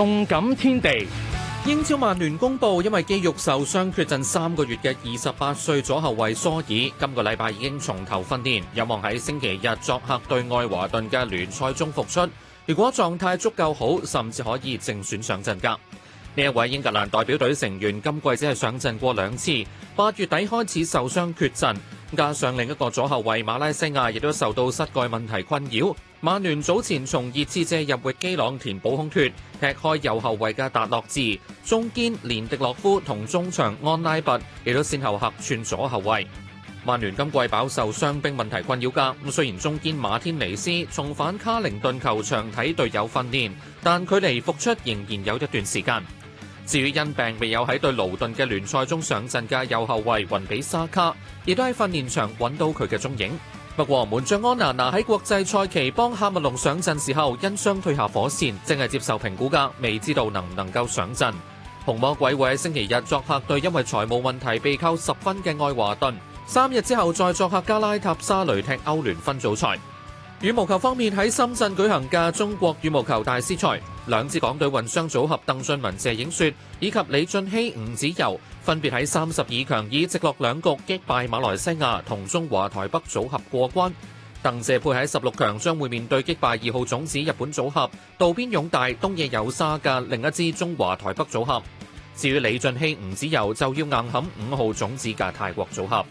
動感天地，英超曼聯公布，因為肌肉受傷缺陣三個月嘅二十八歲左後衛梳爾，今個禮拜已經重投訓練，有望喺星期日作客對愛華頓嘅聯賽中復出。如果狀態足夠好，甚至可以正選上陣噶。呢一位英格蘭代表隊成員今季只係上陣過兩次，八月底開始受傷缺陣。加上另一個左後衞馬拉西亞亦都受到膝蓋問題困擾，曼聯早前從熱刺借入域基朗填補空缺，踢開右後衞嘅達洛治，中堅連迪洛夫同中場安拉拔亦都先後客串左後衞。曼聯今季飽受傷兵問題困擾㗎，咁雖然中堅馬天尼斯重返卡靈頓球場睇隊友訓練，但距離復出仍然有一段時間。至於因病未有喺對勞頓嘅聯賽中上陣嘅右後衛雲比沙卡，亦都喺訓練場揾到佢嘅蹤影。不過，門將安娜娜喺國際賽期幫哈密隆上陣時候因傷退下火線，正係接受評估噶，未知道能唔能夠上陣。紅魔鬼會喺星期日作客對因為財務問題被扣十分嘅愛華頓，三日之後再作客加拉塔沙雷踢歐聯分組賽。羽毛球方面，喺深圳舉行嘅中國羽毛球大師賽，兩支港隊混雙組合鄧俊文謝影雪以及李俊熙吳子柔，分別喺三十二強以直落兩局擊敗馬來西亞同中華台北組合過關。鄧謝配喺十六強將會面對擊敗二號種子日本組合渡邊勇大東野有紗嘅另一支中華台北組合。至於李俊熙吳子柔就要硬撼五號種子嘅泰國組合。